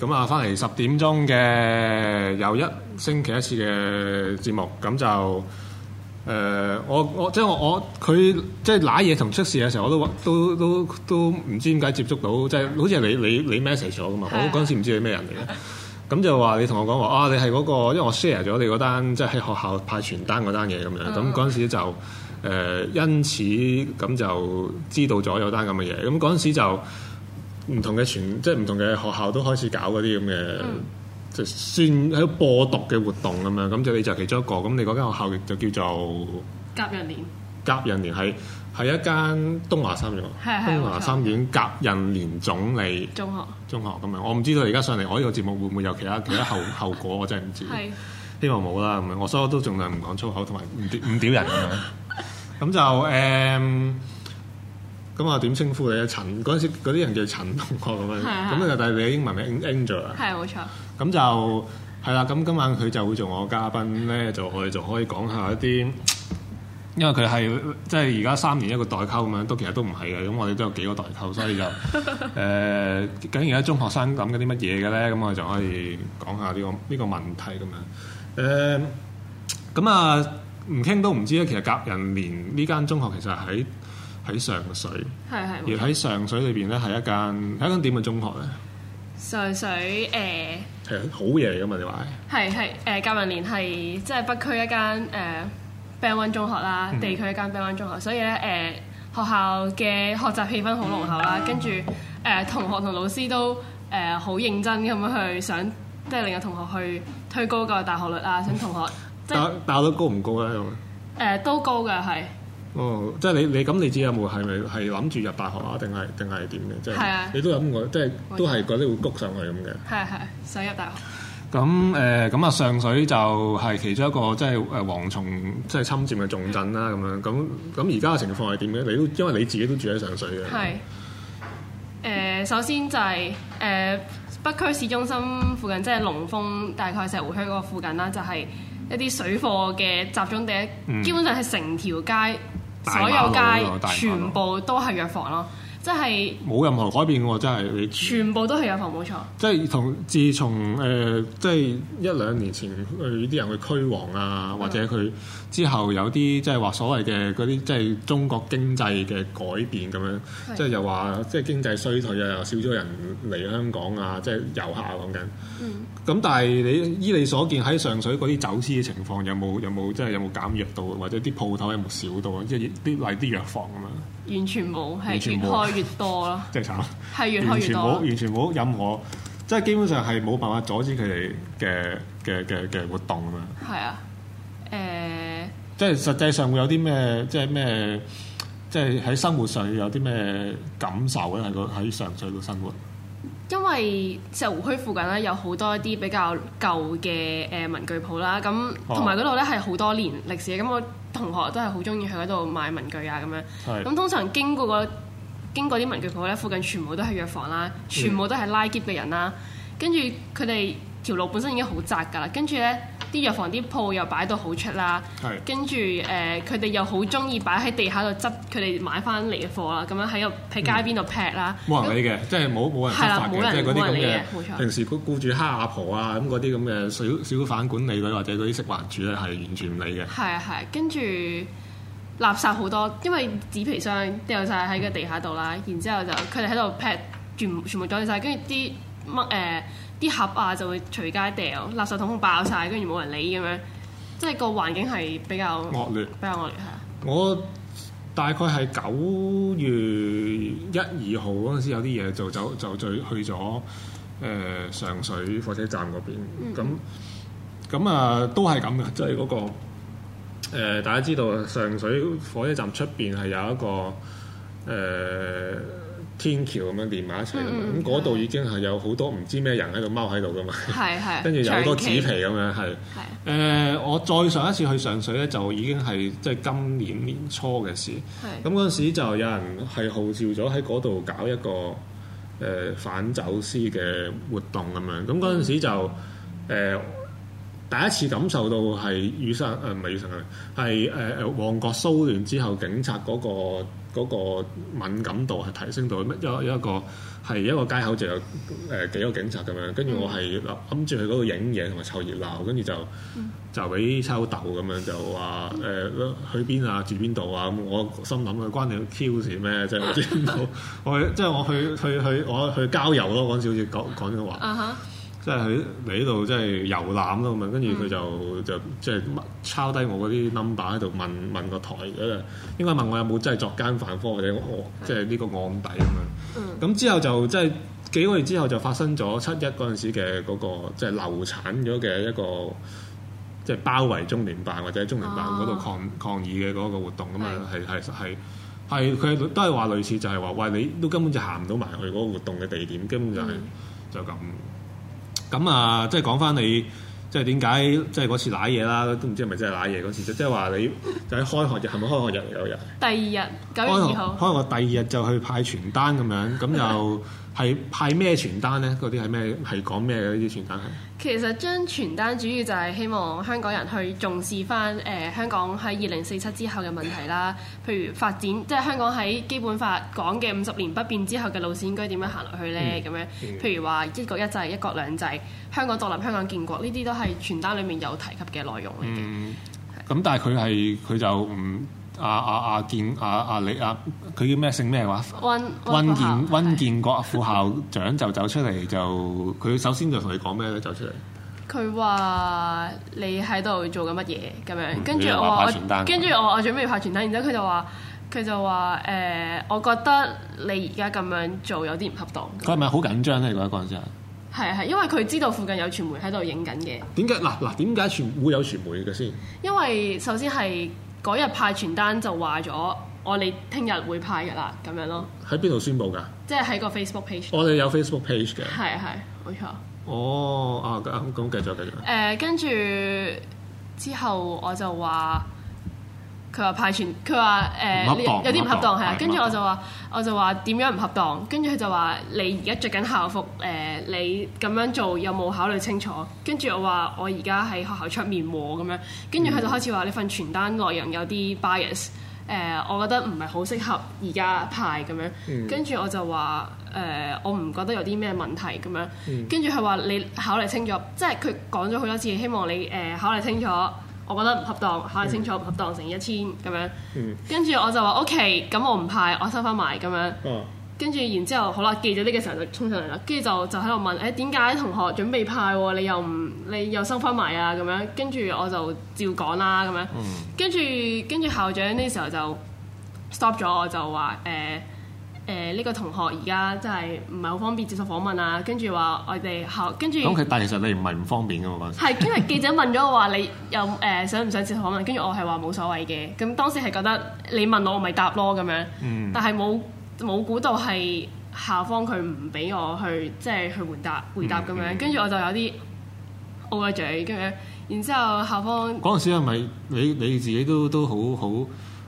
咁啊，翻嚟十點鐘嘅，又一星期一次嘅節目，咁就誒、呃，我我即係我我佢即係瀨嘢同出事嘅時候，我都都都都唔知點解接觸到，即係好似係你你你 message 咗㗎嘛？我嗰陣時唔知你咩人嚟嘅，咁就話你同我講話啊，你係嗰、嗰個，因為我 share 咗你嗰單，即係喺學校派傳單嗰單嘢咁樣，咁嗰陣時就誒、呃、因此咁就知道咗有單咁嘅嘢，咁嗰陣時就。唔同嘅全，即係唔同嘅學校都開始搞嗰啲咁嘅，就算喺度播讀嘅活動咁樣，咁就你就其中一個，咁你嗰間學校就叫做甲寅年。甲寅年係係一間東華三,三院，東華三院甲寅年總理、嗯、中學。中學咁啊，我唔知道而家上嚟我呢個節目會唔會有其他其他後後果，我真係唔知。希望冇啦咁樣，我所以都儘量唔講粗口同埋唔唔屌人咁、啊、樣。咁就誒。咁我點稱呼你啊？陳嗰陣時嗰啲人叫陳同學咁樣，咁啊的，但係你英文名 Angel，係冇錯。咁的就係啦。咁的今晚佢就會做我嘉賓咧， 就可以就可以講一下一啲，因為佢係即係而家三年一個代溝咁樣，都其實都唔係嘅。咁我哋都有幾個代溝，所以就誒，究竟而家中學生諗緊啲乜嘢嘅咧？咁 我哋就可以講下呢、呢個呢、呢個問題咁樣。誒、呃，咁啊，唔傾都唔知咧。其實夾人連呢間中學其實喺。喺上水，是是而喺上水裏邊咧，係一間係一間點嘅中學咧。上水誒係好嘢嚟㗎嘛？你話係係係誒教民聯係即係北區一間誒兵運中學啦，地區一間 Band One 中學，嗯、所以咧誒、呃、學校嘅學習氣氛好濃厚啦。跟住誒同學同老師都誒好、呃、認真咁樣去想，即係令個同學去推高個大學率啊，想同學。大大學率高唔高咧？咁誒、嗯嗯、都高嘅係。哦，即係你你咁你知有冇係咪係諗住入大學啊？定係定係點嘅？即係你都諗過，即係都係覺得會谷上去咁嘅。係係、啊啊，想入大學。咁誒咁啊，嗯呃、上水就係其中一個即係誒蝗蟲即係侵佔嘅重鎮啦。咁樣咁咁而家嘅情況係點咧？你都因為你自己都住喺上水嘅。係誒、呃，首先就係、是、誒、呃、北區市中心附近，即係龍鳳，大概石湖鄉嗰個附近啦，就係、是、一啲水貨嘅集中地，基本上係成條街。嗯嗯所有街全部都係藥房咯。即係冇任何改變喎，真係全部都係藥房冇錯。即係同自從誒、呃，即係一兩年前佢啲人去驅黃啊，嗯、或者佢之後有啲即係話所謂嘅嗰啲，即係中國經濟嘅改變咁樣、嗯，即係又話即係經濟衰退啊，又少咗人嚟香港啊，即係遊客講緊。咁、嗯、但係你依你所見喺上水嗰啲走私嘅情況有冇有冇即係有冇、就係、減弱到，或者啲鋪頭有冇少到啊？即係啲例如啲藥房咁樣。完全冇，係越開越多咯。即係 慘，係越開越多。完全冇，完全冇任何，即係基本上係冇辦法阻止佢哋嘅嘅嘅嘅活動咁樣。係啊，誒、呃，即係實際上會有啲咩？即係咩？即係喺生活上有啲咩感受咧？喺個喺上水個生活。因為石湖墟附近咧有好多一啲比較舊嘅誒文具鋪啦，咁同埋嗰度咧係好多年歷史，咁我同學都係好中意去嗰度買文具啊咁樣。咁是通常經過個經過啲文具鋪咧，附近全部都係藥房啦，全部都係拉篋嘅人啦，跟住佢哋條路本身已經好窄㗎啦，跟住咧。啲藥房啲鋪又擺到好出啦，跟住誒佢哋又好中意擺喺地下度執佢哋買翻嚟嘅貨啦，咁樣喺個喺街邊度劈啦。冇人理嘅，即係冇冇人執法嘅，即係嗰啲咁嘅。平時佢顧住蝦阿婆啊咁嗰啲咁嘅小小販管理或者嗰啲食環署咧係完全唔理嘅。係啊係，跟住垃圾好多，因為紙皮箱掉晒喺個地下度啦，然之後就佢哋喺度劈，全全部裝晒。跟住啲乜誒？啲盒啊就會隨街掉，垃圾桶爆晒，跟住冇人理咁樣，即係個環境係比較惡劣，比較惡劣係啊！我大概係九月一、嗯、二號嗰陣時有啲嘢就走就再去咗誒、呃、上水火車站嗰邊，咁咁啊都係咁嘅，即係嗰個、呃、大家知道上水火車站出邊係有一個誒。呃天橋咁樣連埋一齊，咁嗰度已經係有好多唔知咩人喺度踎喺度㗎嘛，跟住是 有好多紙皮咁樣，係。誒的、呃，我再上一次去上水咧，就已經係即係今年年初嘅事。咁嗰陣時就有人係號召咗喺嗰度搞一個誒、呃、反走私嘅活動咁樣，咁嗰陣時就誒。呃第一次感受到係雨傘誒，唔、呃、係雨傘區，係誒誒，旺角騷亂之後，警察嗰、嗰個嗰個敏感度係提升到，有有一個係一個街口就有誒、呃、幾個警察咁樣，跟住我係諗住去嗰度影嘢同埋湊熱鬧，跟住就、嗯、就俾差佬竇咁樣就話誒、呃、去邊啊？住邊度啊？我心諗佢關你 Q 事咩、啊？即、就、係、是、 我知唔到，我即係我去去去我去郊遊咯嗰陣時，好似講講咁話。 即係喺你喺度，即係遊覽咯咁啊。跟住佢就就即係抄低我嗰啲 number 喺度問問個台嘅啦。應該問我有冇真係作奸犯科，或者我即係呢個案底咁樣。咁、嗯、之後就即係、就是、幾個月之後就發生咗七一嗰陣時嘅嗰、嗰個即係、就是、流產咗嘅一個即係、就是、包圍中聯辦或者中聯辦嗰度抗、啊、抗議嘅嗰個活動咁啊。係係係係佢都係話類似就係話喂，你都根本就行唔到埋去嗰個活動嘅地點，根本就係、嗯、就咁。咁啊，即係講翻你，即係點解即係嗰次瀨嘢啦？都唔知係咪真係瀨嘢嗰時即係話你就喺開學日係咪 開學日有人？第二日九月二號開學第二日就去派傳單咁樣，咁又。 係派咩傳單呢？嗰啲係咩？係講咩嘅啲傳單？其實張傳單主要就係希望香港人去重視翻誒、呃、香港喺二零四七之後嘅問題啦。譬如發展，即係香港喺基本法講嘅五十年不變之後嘅路線，應該點樣行落去呢？咁、嗯、樣，譬如話一國一制、一國兩制，香港獨立、香港建國呢啲都係傳單裡面有提及嘅內容嚟嘅。咁、嗯、是但係佢係佢就唔。嗯阿阿阿建阿阿李阿佢叫咩姓咩話？温温建温建國副校長就走出嚟就佢 首先就同你講咩咧走出嚟？佢話你喺度做緊乜嘢咁樣？跟住、嗯、我跟住我我，我，我準備派傳單，然之後佢就話佢就話誒、呃，我覺得你而家咁樣做有啲唔恰當。佢係咪好緊張咧？佢話嗰陣時係啊係，因為佢知道附近有傳媒喺度影緊嘅。點解嗱嗱？點解傳會有傳媒嘅先？因為首先係。嗰日派傳單就話咗，我哋聽日會派嘅啦，咁樣咯。喺邊度宣佈㗎？即係喺個 Facebook page，我 face page。我哋有 Facebook page 嘅。係係，冇錯。哦，啊咁咁，繼續繼續。誒、呃，跟住之後我就話。佢話派傳，佢話誒有啲有啲唔恰當係，跟住我就話我就話點樣唔恰當，跟住佢就話你而家着緊校服，誒、呃、你咁樣做有冇考慮清楚？跟住我話我而家喺學校出面喎，咁樣，跟住佢就開始話、嗯、你份傳單內容有啲 bias，誒、呃、我覺得唔係好適合而家派咁樣，跟住、嗯、我就話誒、呃、我唔覺得有啲咩問題咁樣，跟住佢話你考慮清楚，即係佢講咗好多次，希望你誒、呃、考慮清楚。我覺得唔恰當，考得清楚唔恰當，成一千咁樣，跟住、嗯、我就話 OK，咁我唔派，我收翻埋咁樣，跟住、嗯、然之後好啦，記咗呢個時候就衝上嚟啦，跟住就就喺度問，誒，點解同學準備派、啊、你又唔你又收翻埋啊？咁樣，跟住我就照講啦，咁樣，跟住跟住校長呢時候就 stop 咗，我就話誒。欸誒呢、呃這個同學而家真係唔係好方便接受訪問啊？跟住話我哋校，跟住但其實你唔係唔方便㗎嘛，其實係因為記者問咗我話，你又誒、呃、想唔想接受訪問？跟住我係話冇所謂嘅。咁當時係覺得你問我咪答咯咁樣。嗯、但係冇冇估到係校方佢唔俾我去即係去回答回答咁樣。嗯、跟住我就有啲懊、呃、嘴。跟住然之後校方嗰陣時咪你你，你自己都都好好。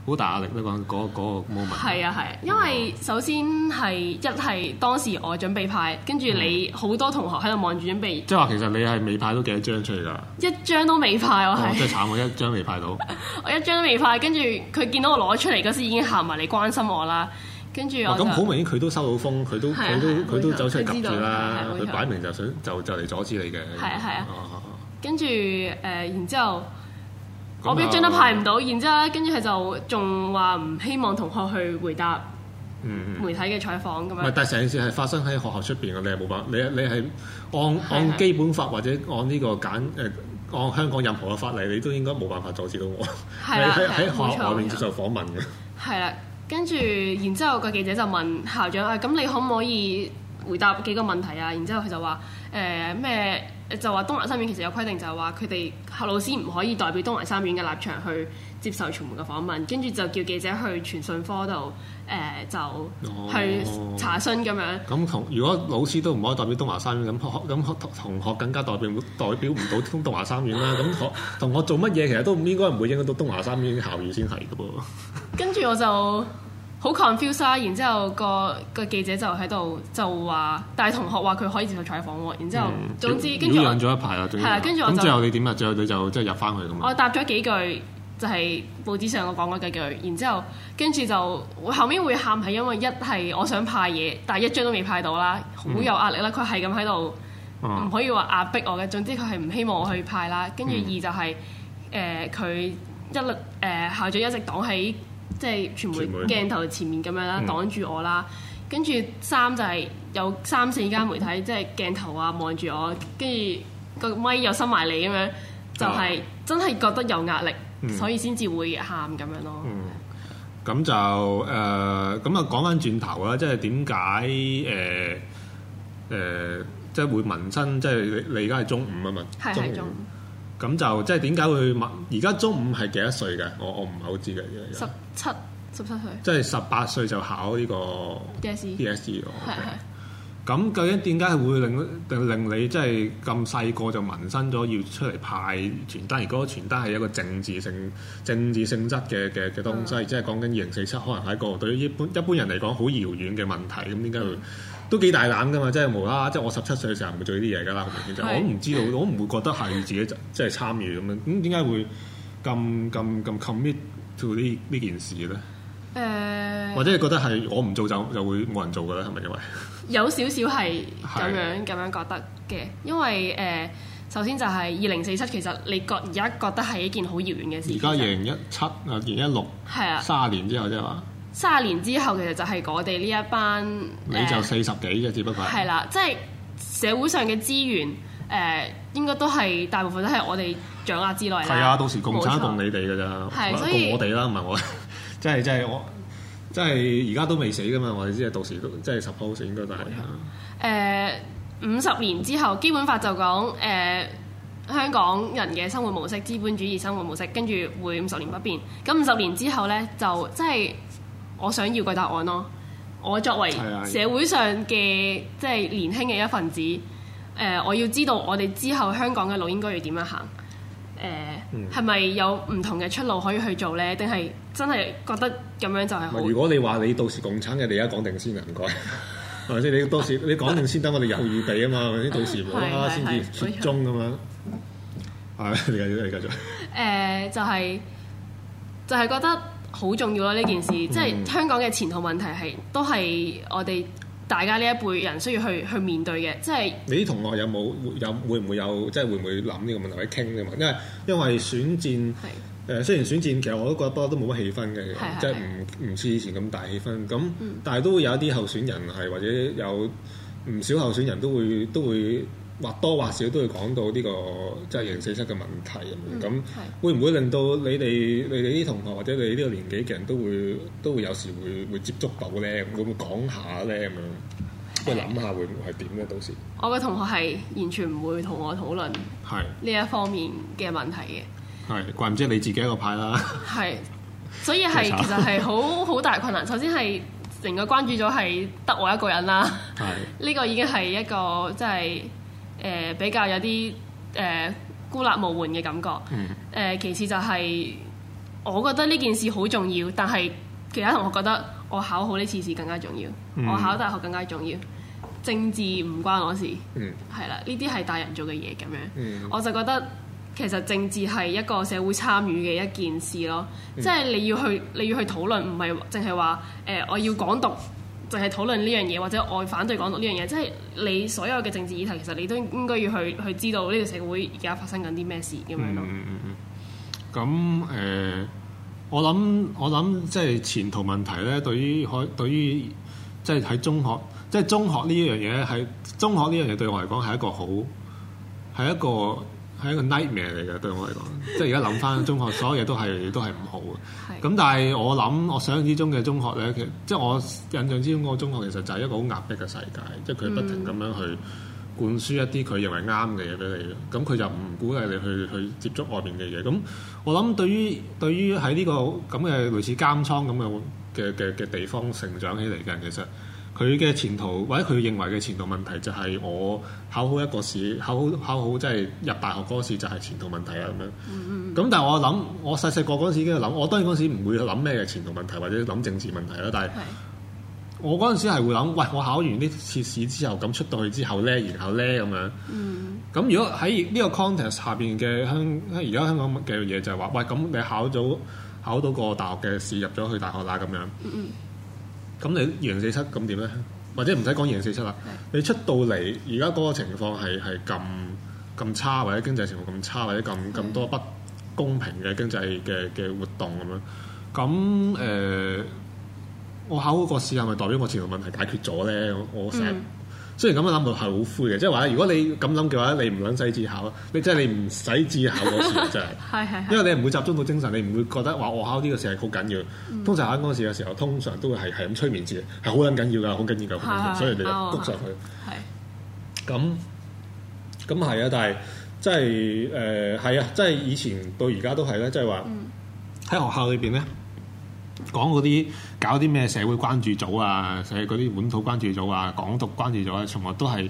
好大壓力咩講？嗰個 moment，係啊係，因為首先係一係當時我準備派，跟住你好多同學喺度望住準備。即係話其實你係未派都幾張出嚟㗎。一張都未派，我真係慘，我一張未派到。我一張都未派，跟住佢見到我攞出嚟嗰時已經行埋嚟關心我啦。跟住咁好明顯佢都收到風，佢都佢都佢都走出去夾住啦，佢擺明就想就就嚟阻止你嘅。係係啊。哦哦跟住誒，然之後。啊、我俾張都派唔到，然之後咧，跟住佢就仲話唔希望同學去回答媒體嘅採訪咁，嗯嗯，樣。唔但係成件事係發生喺學校出邊嘅，你係冇辦法，你你係按的按基本法或者按呢，這個簡誒按，這個，按香港任何嘅法例，你都應該冇辦法阻止到我。係啦，喺喺學校外邊接受訪問嘅。係啦，嗯，跟住 然之後，然後個記者就問校長啊，咁，哎，你可唔可以回答幾個問題啊？然之後佢就話誒咩？呃就話東華三院其實有規定就，就係話佢哋校老師唔可以代表東華三院嘅立場去接受傳媒嘅訪問，跟住就叫記者去傳訊科度誒、呃、就去查詢咁、哦、樣。咁同如果老師都唔可以代表東華三院，咁學咁學同學更加代表代表唔到東華三院啦。咁學 同學做乜嘢，其實都應該唔會影響到東華三院校園先係嘅噃。跟 住我就。好 confused，然之後個個記者就喺度就話，但係同學話佢可以接受採訪喎，然之後，後總之、嗯、跟住忍咗一排啦，跟住我咁最後你點啊？最後你就即係入翻去咁啊？我答咗幾句，就係、是、報紙上我講嗰幾句，然之後跟住就後面會喊係因為一係我想派嘢，但係一張都未派到啦，好有壓力啦。佢係咁喺度，唔、嗯、可以話壓迫我嘅。總之佢係唔希望我去派啦。跟住二、嗯、就係誒佢一律誒校長一直擋喺。即係全部鏡頭前面咁樣啦，擋住我啦。跟住、嗯、三就係有三四間媒體，即係鏡頭啊望住我，跟住個咪又伸埋你咁樣，就係、是、真係覺得有壓力，嗯、所以先至會喊咁樣咯、嗯。嗯，咁就誒，咁啊講翻轉頭啦，即係點解誒誒，即係會聞身，即係你而家係中午啊嘛？係，係中午。咁就即係點解會問？而家中五係幾多歲嘅？我我唔係好知嘅。十七，十七歲。即係十八歲就考呢個 DSE。係，係。咁究竟點解係會令令你即係咁細個就萌生咗要出嚟派傳單？而個傳單係一個政治性政治性質嘅嘅嘅東西，嗯、即係講緊二零四七，可能係一個對於一般一般人嚟講好遙遠嘅問題。咁點解會都幾大膽噶嘛？即係無啦啦，即係我十七歲嘅時候唔會做呢啲嘢噶啦。是我唔知道，是我唔會覺得係自己即係是參與咁樣。咁點解會咁咁咁 commit to 呢呢件事咧？誒，或者係覺得係我唔做就就會冇人做噶啦，係咪因為？有少少係咁樣咁樣覺得嘅，因為誒、呃，首先就係二零四七其實你覺而家覺得係一件好遙遠嘅事。而家二零一七啊，二零一六，卅年之後啫嘛。卅年之後，其實就係我哋呢一班你就四十幾嘅，呃、只不過係啦，即係、就係、社會上嘅資源誒、呃，應該都係大部分都係我哋掌握之內啦。係啊，到時共產錯共你哋㗎咋？係我哋啦，唔係我，即係即係我。即係而家都未死噶嘛，我哋知係到時都即係十 post 應該都係。誒五十年之後，基本法就講誒、呃、香港人嘅生活模式，資本主義生活模式，跟住會五十年不變。咁五十年之後呢，就即係我想要個答案咯。我作為社會上嘅、嗯、即係年輕嘅一份子、呃，我要知道我哋之後香港嘅路應該要點樣行。誒，係咪、呃、有唔同嘅出路可以去做咧？定係真係覺得咁樣就係好？如果你話你到時共產嘅，你而家講定先啊，唔該。係咪先？你到時你講定先，等 我哋有餘地啊嘛。咁 到時冇啦，先至、 啊、決定咁樣。係、 啊，你繼續，你繼續。就係、是、就係、是、覺得好重要啦！呢件事、嗯、即係香港嘅前途問題，係都係我哋。大家呢一輩人需要去去面對嘅，即係你啲同學有冇有，有會唔會有，即係會唔會諗呢個問題去傾嘅嘛？因為因為選戰誒是、呃，雖然選戰其實我都覺得都冇乜氣氛嘅，即係唔唔似以前咁大氣氛。咁、嗯、但係都會有一啲候選人係或者有唔少候選人都會都會。或多或少都會講到呢、呢個即係二零四七嘅問題咁，嗯、會唔會令到你哋你哋啲同學或者你呢個年紀嘅人都會都會有時會會接觸到咧？會唔會講下咧？咁樣會諗下會唔會係點咧？到時我嘅同學係完全唔會同我討論係呢是一方面嘅問題嘅，係怪唔知得你自己一個派啦，係，所以係其實係好好大困難。首先係成個關注咗係得我一個人啦，係呢是 個已經係一個即係。誒、呃、比較有啲誒、呃、孤立無援嘅感覺。誒、嗯呃、其次就係我覺得呢件事好重要，但係其他同學覺得我考好呢次試更加重要，嗯、我考大學更加重要。政治唔關我事，係啦、嗯，呢啲係大人做嘅嘢咁樣。嗯、我就覺得其實政治係一個社會參與嘅一件事咯，即係、嗯、你要去你要去討論，唔係淨係話誒我要講讀。就係討論呢樣嘢，或者愛反對港獨呢樣嘢，即係你所有嘅政治議題，其實你都應該要去去知道呢個社會而家發生緊啲咩事咁樣咯。咁誒、嗯嗯嗯嗯，我諗我諗即係前途問題咧，對於可對於即係喺中學，即係中學呢樣嘢係中學呢樣嘢對我嚟講係一個好係一個。い webpage 係一個 nightmare 嚟嘅，對我嚟講。即係而家諗翻中學， 所有嘢都係都係唔好嘅。咁是的 但係我諗，我想象之中嘅中學咧，其即係我印象之中嗰個中學，其實就係一個好壓迫嘅世界，即係佢不停咁樣去灌輸一啲佢認為啱嘅嘢俾你。咁佢、嗯、就唔鼓勵你去去接觸外邊嘅嘢。咁我諗，對於對於喺呢個咁嘅類似監倉咁嘅嘅嘅嘅地方成長起嚟嘅其實佢嘅前途或者佢認為嘅前途問題就係我考好一個試，考好考好即係入大學嗰個試就係前途問題啊咁樣。咁、mm hmm. 但係我諗，我細細個嗰陣時已經係諗，我當然嗰陣時唔會去諗咩嘅前途問題或者諗政治問題啦。但係、mm hmm. 我嗰陣時係會諗，喂，我考完呢次試之後，咁出到去之後咧，然後咧咁樣。嗯、mm。咁、hmm. 如果喺呢個 context 下邊嘅香而家香港嘅嘢就係話，喂，咁你考到考到個大學嘅試入咗去大學啦咁樣。Mm hmm. 咁你二零四七咁點咧？或者唔使講二零四七啦，嗯、你出到嚟而家嗰個情況係係咁咁差，或者經濟情況咁差，或者咁咁多不公平嘅經濟嘅嘅活動咁樣。咁誒、呃，我考嗰個試係咪代表我前途問題解決咗咧？我成、嗯。雖然咁嘅諗法係好灰嘅，即係話如果你咁諗嘅話，你唔諗使字考，你即係你唔使字考嗰時，就係，因為你唔會集中到精神，你唔會覺得話我考呢個試係好緊要。嗯、通常考嗰時嘅時候，通常都係係咁催眠自己，係好緊緊要噶，好緊要噶，要要是是，所以你就督上去。係是，咁，咁係啊，但係即係誒係啊，即、就、係、是、以前到而家都係咧，即係話喺學校裏邊咧。講嗰啲搞啲咩社會關注組啊，所以嗰啲本土關注組啊、港獨關注組啊，從來都係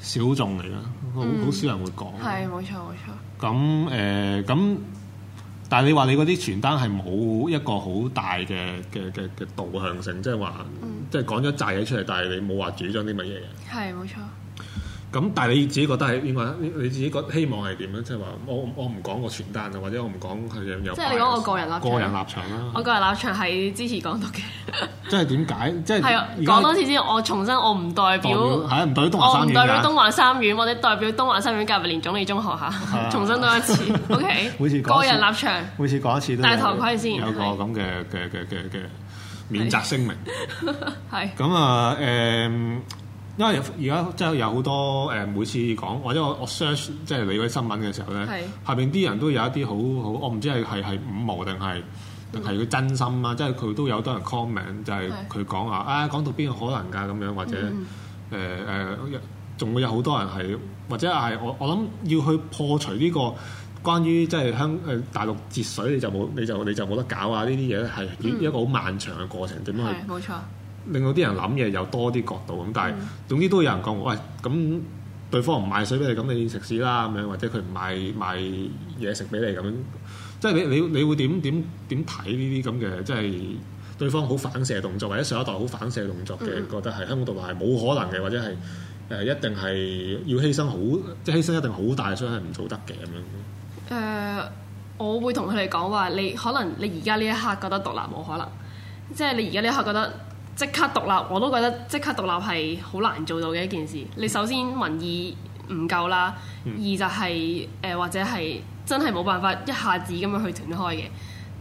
小眾嚟噶，好好、嗯、少人會講。係冇錯冇錯。咁誒咁，但係你話你嗰啲傳單係冇一個好大嘅嘅嘅嘅導向性，即係話即係講咗扎嘢出嚟，但係你冇話主張啲乜嘢嘅。係冇錯。咁但係你自己覺得係點啊？你自己覺希望係點樣？即係話我我唔講個傳單啊，或者我唔講佢有有即係講我個人立個人立場啦。我個人立場係支持港獨嘅。即係點解？即係講多次先，我重申，我唔代表係唔代表東華三院，我唔代表東華三院或者代表東華三院格物連總理中學校，重申多一次，OK。每次個人立場，每次講一次都戴頭盔先，有個咁嘅嘅嘅嘅嘅免責聲明。係咁啊，誒。因為而家即係有好多誒，每次講或者我 search 即係你嗰啲新聞嘅時候咧，是下邊啲人都有一啲好好，我唔知係係係五毛定係定係佢真心啊！即係佢都有好多人 comment，就係佢講下啊，講到邊個可能㗎咁樣，或者誒誒，仲會、嗯呃、有好多人係，或者係我我諗要去破除呢、呢個關於即係香誒大陸截水你就冇你就你就冇得搞啊呢啲嘢咧，係一個好漫長嘅過程，點、嗯、樣去？冇錯。令到啲人諗嘢又多啲角度咁，但係總之都有人講，喂，咁對方唔賣水俾你，咁你食屎啦咁樣，或者佢唔賣賣嘢食俾你咁，即係你你你會點點點睇呢啲咁嘅，即係、就是、對方好反射動作，或者上一代好反射動作嘅？嗯、覺得係香港獨立係冇可能嘅，或者係誒、呃、一定係要犧牲好即係犧牲一定好大所以係唔做得嘅咁樣。誒、呃，我會同佢哋講話，你可能你而家呢一刻覺得獨立冇可能，即、就、係、是、你而家呢一刻覺得。即刻獨立，我都覺得即刻獨立係好難做到嘅一件事。你首先民意唔夠啦，二就係、是、誒、呃、或者係真係冇辦法一下子咁樣去斷開嘅。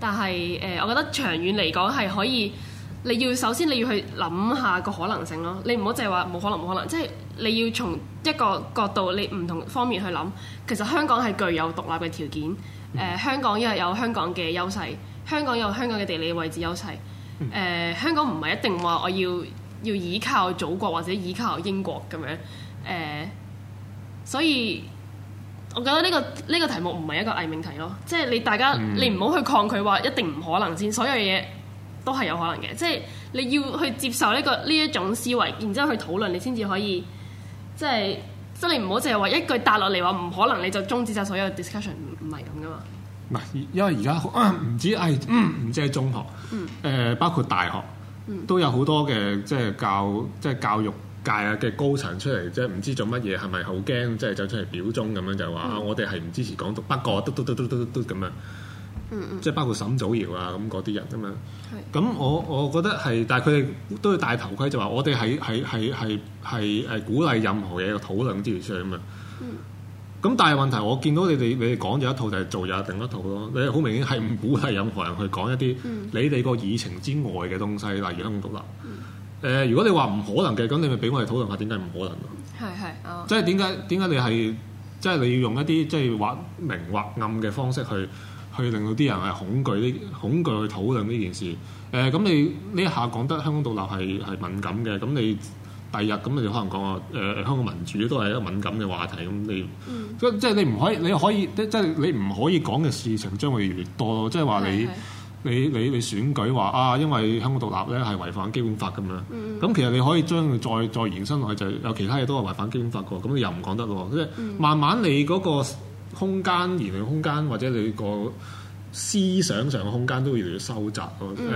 但係誒、呃，我覺得長遠嚟講係可以。你要首先你要去諗下個可能性咯。你唔好淨係話冇可能冇可能，即、就、係、是、你要從一個角度，你唔同方面去諗。其實香港係具有獨立嘅條件。誒、呃，香港因為有香港嘅優勢，香港有香港嘅地理位置優勢。誒、呃、香港唔係一定話我要要倚靠祖國或者依靠英國咁樣，誒、呃，所以我覺得呢、呢個呢、呢個題目唔係一個偽命題咯，即係你大家、嗯、你唔好去抗拒話一定唔可能先，所有嘢都係有可能嘅，即係你要去接受呢、呢個呢一種思維，然之後去討論你先至可以，即係即係你唔好淨係話一句答落嚟話唔可能你就終止晒所有 discussion，唔係咁噶嘛。唔因為而家唔知，誒唔知喺中學，誒包括大學都有好多嘅即係教即係教育界啊嘅高層出嚟，即係唔知做乜嘢，係咪好驚？即係走出嚟表忠咁樣就話啊，我哋係唔支持港獨，不過嘟嘟嘟嘟嘟嘟咁啊，即係包括沈祖堯啊咁嗰啲人咁樣。咁我我覺得係，但係佢哋都要戴頭盔，就話我哋係係係係係誒鼓勵任何嘢嘅討論之餘，上咁樣。咁但係問題，我見到你哋你哋講咗一套，就係、是、做就另一套咯。你好明顯係唔鼓勵任何人去講一啲你哋個、嗯、議程之外嘅東西，例如香港獨立。誒、嗯呃，如果你話唔可能嘅，咁你咪俾我哋討論下點解唔可能咯？係係即係點解點解你係即係你要用一啲即係或明或暗嘅方式去去令到啲人係恐懼啲恐懼去討論呢件事？誒、呃，咁你呢一下講得香港獨立係係敏感嘅，咁你？第日咁你就可能講啊，誒香港民主都係一個敏感嘅話題，咁你，嗯、即即係你唔可以你可以即即、就是、你唔可以講嘅事情將會越嚟越多咯，即係話你是是你你你選舉話啊，因為香港獨立咧係違反基本法㗎嘛。咁、嗯、其實你可以將佢再再延伸落去，就有其他嘢都係違反基本法嘅，咁你又唔講得咯，即係慢慢你嗰個空間言論空間或者你個思想上嘅空間都越嚟越收窄咯，誒誒、嗯。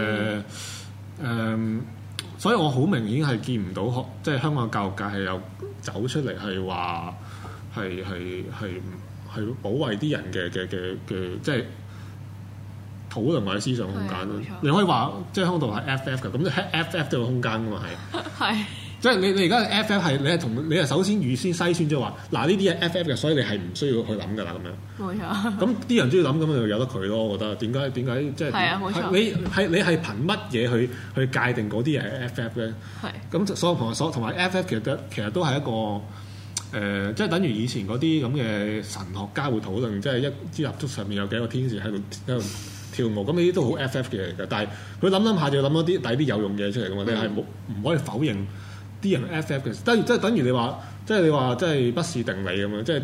嗯嗯所以我好明顯係見唔到學，即係香港教育界係有走出嚟係話，係係係係保衞啲人嘅嘅嘅嘅，即係討論或者思想空間咯。你可以話，即係香港喺度係 FF 嘅，咁 FF 都有空間噶嘛，係。 係。即係你是你而家 FF 係你係同你係首先預先篩選，即係話嗱呢啲係 FF 嘅，所以你係唔需要去諗㗎啦，咁樣沒錯。冇錯。咁啲人鍾意諗，咁咪有得佢咯？我覺得點解點解即係你係你係憑乜嘢去去界定嗰啲係 FF 嘅？係是。咁所，所有同埋同埋 FF 其實其實都係一個誒、呃，即係等於以前嗰啲咁嘅神學家會討論，即係一支蠟燭上面有幾個天使喺度喺度跳舞，咁呢啲都好 FF 嘅嚟嘅。但係佢諗諗下就諗到啲第啲有用嘢出嚟㗎嘛，你係冇唔可以否認。 啲人 F.F. 嘅，等即係等於你話，即係你話，即係不是定理咁樣，即係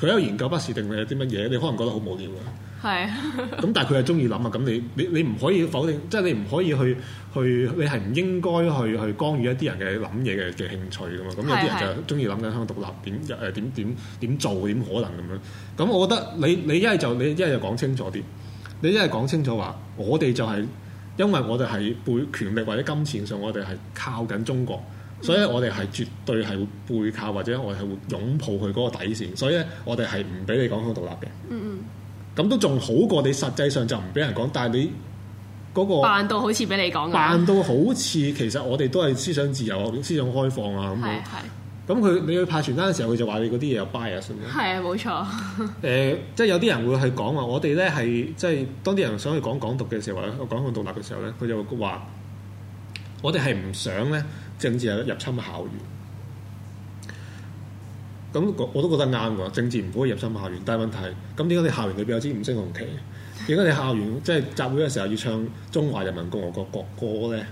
佢有研究不是定理有啲乜嘢？你可能覺得好無聊嘅，係咁， 但係佢係中意諗啊。咁你你你唔可以否定，即係你唔可以去去，你係唔應該去去干預一啲人嘅諗嘢嘅嘅興趣咁嘛。咁有啲人就中意諗緊香港獨立點誒點點點做點可能咁樣。咁我覺得你你一係就你一係就講清楚啲，你一係講清楚話，我哋就係、是、因為我哋係背權力或者金錢上，我哋係靠緊中國。所以我哋係絕對係會背靠，或者我哋係會擁抱佢嗰個底線。所以咧，我哋係唔俾你講香港獨立嘅。嗯嗯。咁都仲好過你實際上就唔俾人講，但係你嗰、嗰個扮到好似俾你講嘅。扮到好似其實我哋都係思想自由啊， 思想開放啊咁樣。係咁佢你去派傳單嘅時候，佢就話你嗰啲嘢有 bias 咁樣。係啊，冇錯。誒、 呃，即、就、係、是、有啲人會去講話，我哋咧係即係當啲人想去講港獨嘅時候咧，或者講香港獨立嘅時候咧，佢就話我哋係唔想咧。政治係入侵校園，咁我都覺得啱喎。政治唔可以入侵校園，但係問題，咁點解你校園裏邊有支五星紅旗？點解 你校園即係、就是、集會嘅時候要唱中華人民共和國國歌咧？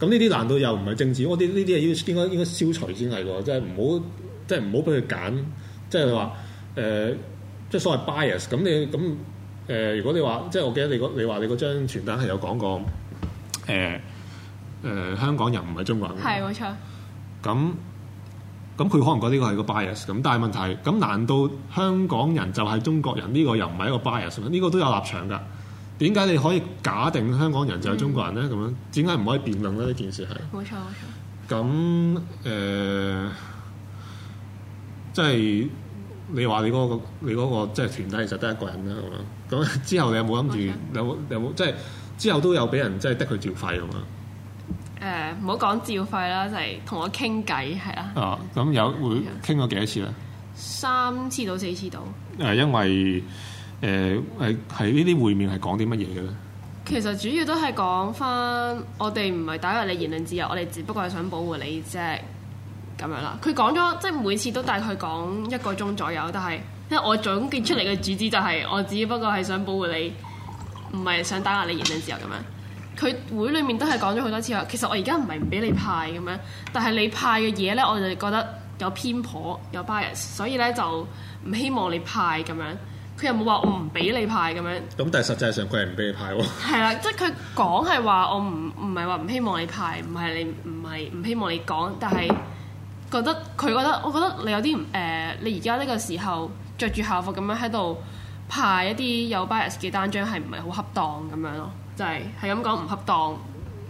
咁呢啲難道又唔係政治？我啲呢啲係要應該應該消除先係喎，即係唔好，即係唔好俾佢揀，即係話誒，即、呃、係、就是、所謂 bias。咁你咁誒，如果你話，即、就、係、是、我記得你你話你嗰張傳單係有講過誒。嗯嗯。誒、呃，香港人唔係中國人，係冇錯。咁咁，佢可能覺得呢個係個 bias 咁，但係問題咁，難道香港人就係中國人？呢、呢個又唔係一個 bias，呢個都有立場㗎。點解你可以假定香港人就係中國人咧？咁、嗯、樣點解唔可以辯論咧？呢件事係冇錯，冇錯。咁誒，即係你話你嗰個你嗰個即係團體，就得、是那個那個就是、一個人啦。咁樣講之後你有有錯，你有冇諗住有有冇即係之後都有俾人即係得佢照肺㗎嘛？就是誒唔好講照肺啦，就係、是、同我傾偈，係啊。哦，咁有會傾過幾多次咧？三次到四次到。誒，因為誒誒喺呢啲會面係講啲乜嘢嘅咧？其實主要都係講翻我哋唔係打壓你言論自由，我哋只不過係想保護你啫，咁樣啦。佢講咗，即係每次都大概講一個鐘左右，但係因為我總結出嚟嘅主旨就係、是、我只不過係想保護你，唔係想打壓你言論自由咁樣。佢會裏面都係講咗好多次啦。其實我而家唔係唔俾你派咁樣，但係你派嘅嘢呢，我就覺得有偏頗有 bias，所以呢就唔希望你派咁樣。佢又冇話我唔俾你派咁樣。咁但係實際上佢係唔俾你派喎。係啦， 即係佢講係話我唔唔係話唔希望你派，唔係你唔係唔希望你講，但係覺得佢覺得我覺得你有啲誒、呃，你而家呢個時候着住校服咁樣喺度派一啲有 bias 嘅單張是是，係唔係好恰當咁樣咯？就係係咁講唔恰當。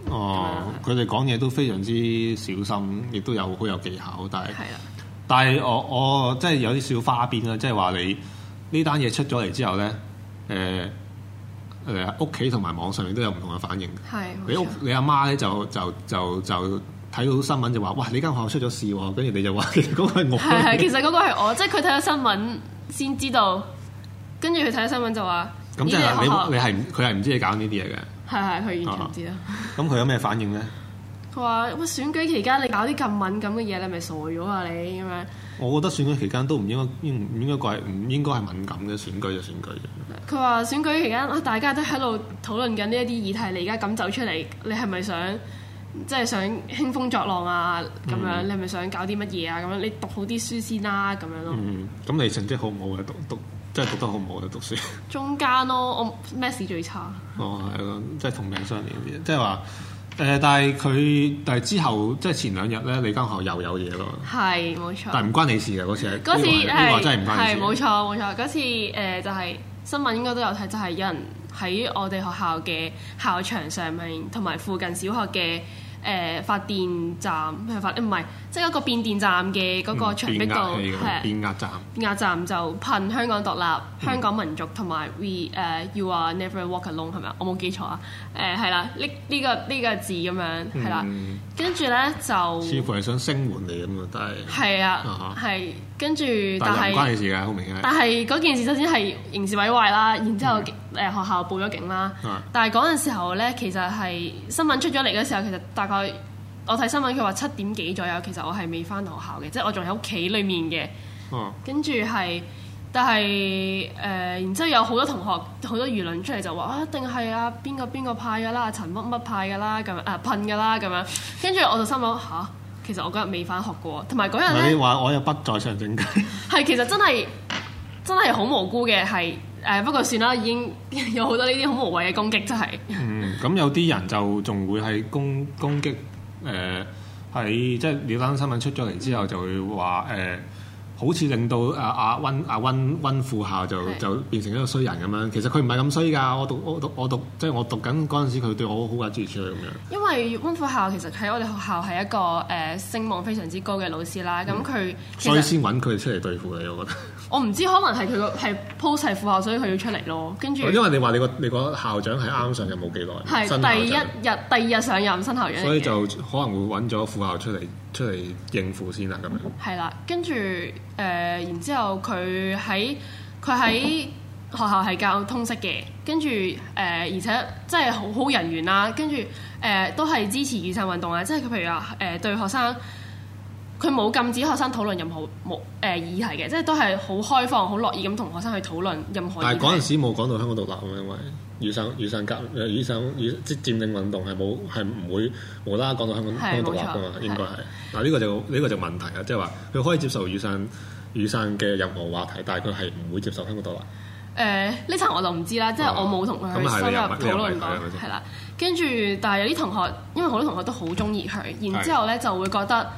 哦，佢哋講嘢都非常之小心，亦都有好有技巧，但係係啦。的但係我我即係有啲少花邊啦，即係話你呢單嘢出咗嚟之後咧，誒誒屋企同埋網上面都有唔同嘅反應。係你屋你阿媽咧就就就就睇到新聞就話哇你間學校出咗事喎，跟住你就話嗰的個係我。係係，其實嗰個係我，即係佢睇咗新聞先知道，跟住佢睇咗新聞就話。咁即係你後你係佢係唔知你搞呢啲嘢嘅，係係佢完全唔知啦。咁佢 有咩反應咧？佢話： 喂選舉期間你搞啲咁敏感嘅嘢，你咪傻咗啊你，咁樣。我覺得選舉期間都唔應該應唔應該怪唔應該係敏感嘅選舉就選舉啫。佢話 選舉期間大家都喺度討論緊呢一啲議題，你而家咁走出嚟，你係咪想即係、就是、想興風作浪啊？咁樣、嗯、你係咪想搞啲乜嘢啊？咁樣你讀好啲書先啦、啊，咁樣咯。咁、嗯嗯、你成績好唔好啊？讀讀。真係讀得好唔好？啊！讀書中間咯，我咩事最差？ 哦，係咯，即係同命相連嘅。即係話誒，但係佢但係之後即係前兩日咧，你間學校又有嘢咯。係冇錯。但係唔關你事嘅。嗰次嗰次誒，係冇錯冇錯，嗰次誒、呃、就係、是、新聞應該都有睇，就係、是、有人喺我哋學校嘅校場上面，同埋附近小學嘅。誒、呃、發電站係發，唔、欸、係，即係一個變電站嘅嗰個牆壁度，係變，是變壓站。變壓站就噴香港獨立、香港民族同埋、嗯、We 誒、uh, You Are Never Walk Alone 係咪啊？我冇記錯啊哈。誒係啦，呢呢個呢個字咁樣係啦，跟住咧就，似乎係想聲援你咁樣，但係係啊，係。跟住，但係，但係嗰件事首先係刑事毀壞啦，然之後誒、嗯呃、學校報咗警啦。嗯、但係嗰陣時候咧，其實係新聞出咗嚟嘅時候，其實大概我睇新聞佢話七點幾左右，其實我係未翻學校嘅，即係我仲喺屋企裡面嘅。嗯、跟住係，但係誒、呃，然之後有好多同學、好多輿論出嚟就話啊，一定係阿邊個邊個派㗎、啊啊、啦，陳乜乜派㗎啦，咁啊噴㗎啦咁樣。跟住我就心諗嚇。其實我嗰日未返學過，同埋嗰日咧，你話我又不在場證據，係 其實真係真係好無辜嘅，係誒，不過算啦，已經有好多呢啲好無謂嘅攻擊，真係。嗯，咁有啲人就仲會係攻攻擊，誒、呃，喺即係呢單新聞出咗嚟之後，就會話誒。呃好似令到阿阿溫阿溫溫副校就就變成一個衰人咁樣，其實佢唔係咁衰噶，我讀我讀我讀即係、就是、我讀緊嗰陣時，佢對我好關注咗咁樣。因為溫副校其實喺我哋學校係一個誒聲望非常之高嘅老師啦，咁佢、嗯、所以先揾佢出嚟對付你，我覺得。我唔知，可能係佢個係鋪晒副校，所以佢要出嚟咯。跟住因為你話你、那個你個校長係啱上任冇幾耐，係是第一日第二日上任新校長，所以就可能會揾咗副校出嚟。出嚟應付先啦，咁樣。係啦，跟住誒，然之後佢喺佢喺學校係教通識嘅，跟住誒，而且即係好好人緣啦。跟住誒，都係支持雨傘運動啊。即係佢譬如話誒、呃，對學生佢冇禁止學生討論任何冇誒議題嘅，即係都係好開放、好樂意咁同學生去討論任何議題。但係嗰陣時冇講到香港獨立喎，因為。雨傘雨傘革誒雨傘雨即佔領運動係冇係唔會無啦啦講到香港香港獨立㗎嘛，應該係。嗱呢個就呢、是、是個就問題啊，即係話佢可以接受雨傘雨傘嘅任何話題，但係佢係唔會接受香港獨立。誒呢、呃、層我就唔知啦，即係我冇同佢深入討論過。啦、嗯，跟住但係有啲同學，因為好多同學都好中意佢，然後之後咧就會覺得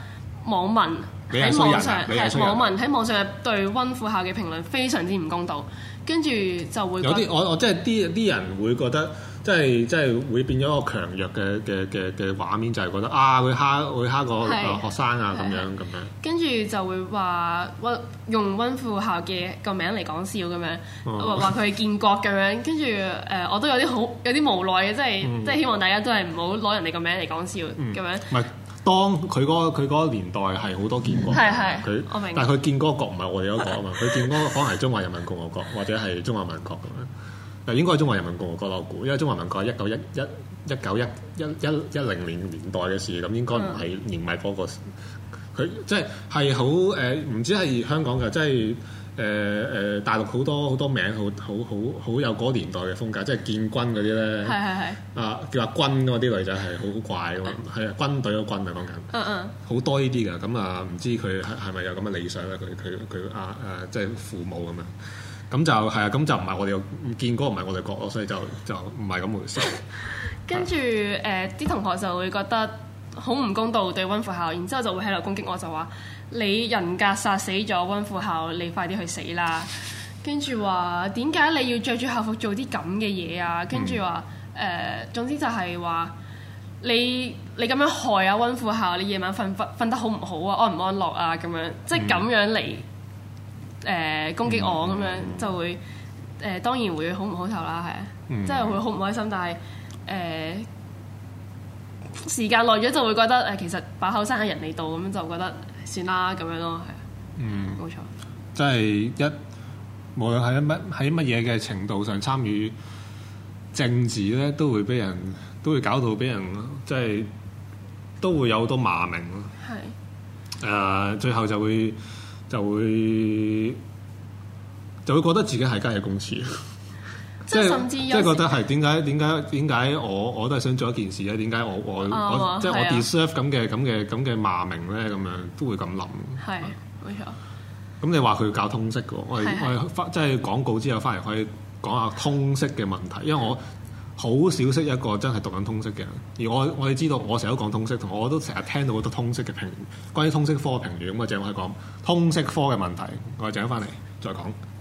網民喺網上，啊、網民喺網上對温副校嘅評論非常之唔公道。跟住就會有啲我我即係啲啲人會覺得即係即係會變咗個強弱嘅嘅嘅嘅畫面，就係、是、覺得啊佢蝦佢蝦個是、呃、學生啊咁樣咁樣。是跟住就會話屈用溫副校嘅個名嚟講笑咁、嗯、樣，話話佢係建國咁樣。跟住誒，我都有啲好有啲無奈嘅，即係、嗯、即係希望大家都係唔好攞人哋個名嚟講笑咁樣。嗯當佢嗰佢嗰年代係好多建國，佢但係佢建嗰、嗰個 建國唔係我哋嗰個啊嘛，佢建嗰個可能係中華人民共和國或者係中華民國。嗱，應該係中華人民共和國我估，因為中華民國係一九一一一九一一一一零年年代嘅事，咁應該唔係唔係嗰個。佢即係係好誒，唔知係香港嘅，即、就、係、係。誒誒、呃呃，大陸好多好多名，好好好好有嗰年代嘅風格，即係建軍嗰啲咧，啊的、呃、叫阿軍嗰啲女仔係好好怪㗎嘛，係啊、嗯嗯，軍隊個軍啊講緊，好、嗯嗯、多呢啲㗎，咁啊唔知佢係咪有咁嘅理想咧？佢佢佢阿誒即係父母咁樣，咁、嗯、就係啊，咁、嗯、就唔係我哋建過，唔係我哋講，所以就就唔係咁回事。 跟住誒啲同學就會覺得好唔公道對溫副校，然之後就會喺度攻擊我就話。你人格殺死咗溫副校，你快啲去死啦！跟住話點解你要着住校服做啲咁嘅嘢啊？跟住話誒，總之就係話你你咁樣害啊溫副校，你夜晚瞓瞓得好唔好啊？安唔安樂啊？咁樣即係咁樣嚟誒、呃、攻擊我咁、嗯、樣就會誒、呃，當然會好唔好受啦，係啊，嗯、即係會好唔開心。但係誒、呃、時間耐咗就會覺得誒、呃，其實把口生喺人哋度咁樣就覺得。啦，咁樣咯，係。嗯，冇錯。即係一，無論喺乜喺乜嘢嘅程度上參與政治咧，都會俾人都會搞到俾人，即、就、係、是、都會有好多罵名咯。係是。誒、呃，最後就會就會就會覺得自己係間嘅公司。 即係，即係覺得係點解？點解？點解我我都係想做一件事咧？點解我、啊、我即係我 deserve 咁嘅咁嘅咁嘅罵名咧？咁樣都會咁諗。係咁你話佢教通識嘅，我是我翻即係廣告之後翻嚟可以講下通識嘅問題，因為我好少識一個真係讀緊通識嘅人。而我我哋知道，我成日都講通識，同我都成日聽到好多通識嘅評語，關於通識科評語咁嘅，淨係可以講通識科嘅問題。我哋陣間翻嚟再講。再